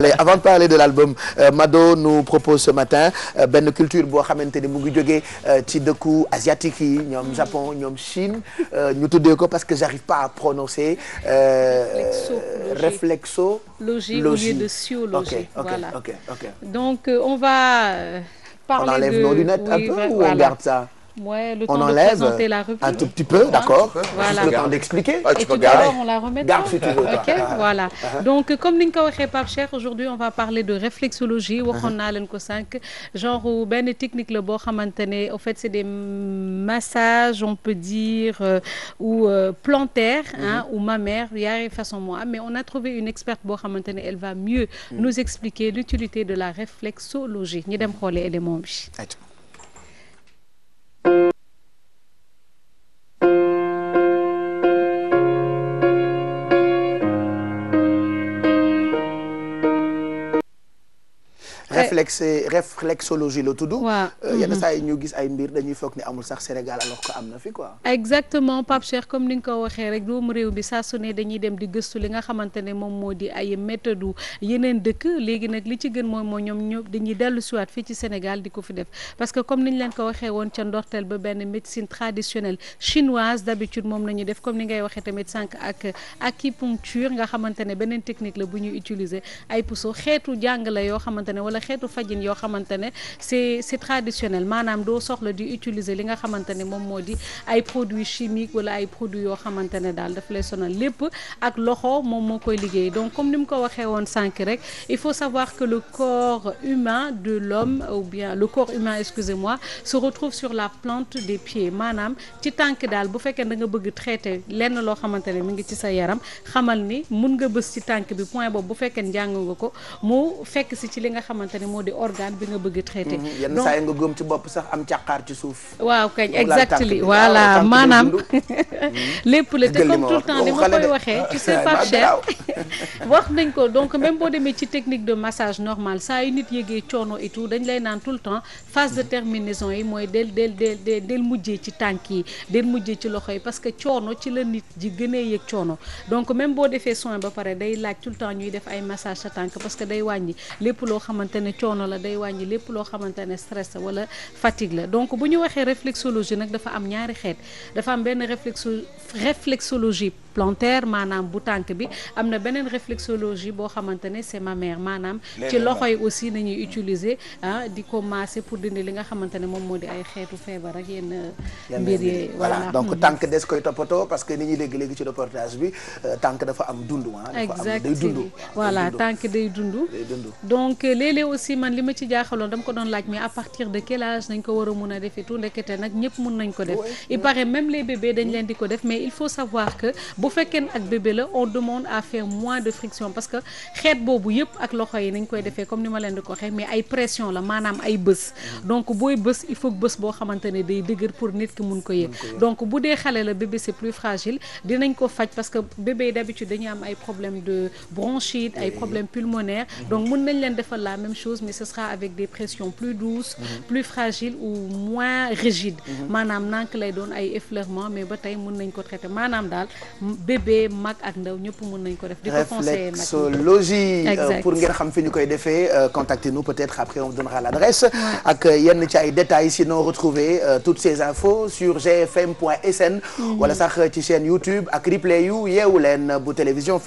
Allez, avant de parler de l'album euh, Mado nous propose ce matin euh, benn culture boo xamante ni mu ngi jógee euh, ci dëkku asiatique yi ñoom Japon ñoom Chine euh, ñu tuddee ko parce que j'arrive pas à prononcer euh, réflexologie au lieu de sociologie euh, on va parler de... nos un peu ou voilà. garde ça Ouais, le temps on enlève la un tout petit d'accord voilà. Ah, on la remet Garde si voilà. Ah, ah, Donc, comme ni nga ko waxee Pape Cheikh, aujourd'hui, on va parler de réflexologie. waxoon naa leen ko sànq. genre euh, benn technique la boo xamante ne au fait, c'est des massages, on peut dire, euh, ou euh, plantaires, mm-hmm. ou mammaires, façon moo am mais on a trouvé une experte boo xamante ne elle va mieux mm. nous expliquer l'utilité de la réflexologie. ñu dem xoolee élément bi. Eh. réflexé réflexologie la tudd euh, yenn mhm. saa yi ñu gis ay mbir dañuy foog ni amul sax Sénégal alors que am na fi quoi exactement Pape Cheikh comme ni nga ko waxee rek doomu réew bi sa su dañuy dem di gëstu li nga xamante ne moom moo di ay méthode yeneen dëkk léegi nag li ci gën mooy moo ñoom ñoom dañuy dellu siwaat fii ci Sénégal di ko fi def parce que comme ni ñu leen ko waxee woon ca ndorteel ba benn médecine traditionnelle chinoise d'habitude moom la ñuy def comme ni ngay waxee tamit sànq ak acupuncture nga xamante ne beneen technique la bu ñuy utiliser ay puso xeetu fajin yoo xamante ne c'est c'est traditionnel maanaam doo soxla di utiliser li nga xamante ne moom moo di ay produits chimiques wala ay produits yoo xamante ne daal daf lay sonal lépp ak loxo moom moo koy liggéey donc comme ni mu ko waxee woon sànq rek il faut savoir que le corps humain de l'homme ou bien le corps humain excusez-moi se retrouve sur la plante des pieds maanaam ci tànk daal bu fekkee da bëgg traité lenn loo xamante ne mi ngi ci sa yaram xamal si ci li nga ne moo di organe bi nga bëgg a traité mm-hmm. yenn saa yi nga góom ci bopp sax am càqaar ci suuf waaw kañ exactly voilà maanaam lépp la te comme tout temps ni ma koy waxee tu sais wax nañ ko donc même boo demee ci technique de massage normal saa yu nit yëgee coono et tout dañ lay naan tout le temps phase de terminaison yi mooy del del del del mujjee ci tànk yi del mujjee ci loxo yi parce que coono ci la nit ji gënee yëg coono donc même boo defee soin ba pare day laaj tout temps ñuy def ay massage sa coono la day wàññi lépp loo xamante ne stress wala fatigue la donc bu ñu waxee réflexologie nag dafa am ñaari xeet dafa am benn réflexo réflexologie plantaire maanaam bu tànk bi am na beneen réflexologie boo xamante ne c'est ma mère maanaam ci loxo yi aussi nañuy utiliser ah di ko masser pour dindi li nga xamante ne moom moo di ay xeetu feebar ak yenn euh, mbir yi voilà donc mm-hmm. tànk des koy toppatoo parce que ni ñuy dégg léegi ci reportage bi euh, tànk dafa am dund ah exactement day dund voilà tànk day dund donc euh, léeg-léeg aussi man li ma ci jaaxaloon dama ko doon laaj mais à partir de quel âge nañ ko war a mun a defee tout ndekete nag ñëpp mun nañ ko def dañ leen di ko def mais il faut savoir bu fekkee ne ak bébé la on demande à faire moins de friction parce que xeet boobu yëpp ak loxo yi nañ koy defee comme ni ma leen di ko waxee mais ay pression la maanaam ay bës donc booy bës il faut que bës boo xamante ne day dëgër pour nit ki mun ko yëg donc bu dee xale la bébé c'est plus fragile dinañ ko faj parce que bébé d'habitude dañuy am ay problème de bronchite ay problème pulmonaire mhm. donc mun nañ leen defal la même chose mais ce sera avec des pressions plus douces mhm. plus fragiles ou moins rigides mhm. maanaam nank lay doon ay effleurement mais ba tey mun nañ ko traiter maanaam daal bébé mag ak ndaw ñëpp mën nañ ko def. di ko conseiller nag réflexologie. Euh, pour ngeen xam fi ñu koy defee euh, contactez nous peut-être après on donnera l'adresse. ak euh, yenn ci ay sinon retrouver toutes ces infos sur gfm.sn. Mm-hmm. wala sax ci chaîne YouTube ak télévision.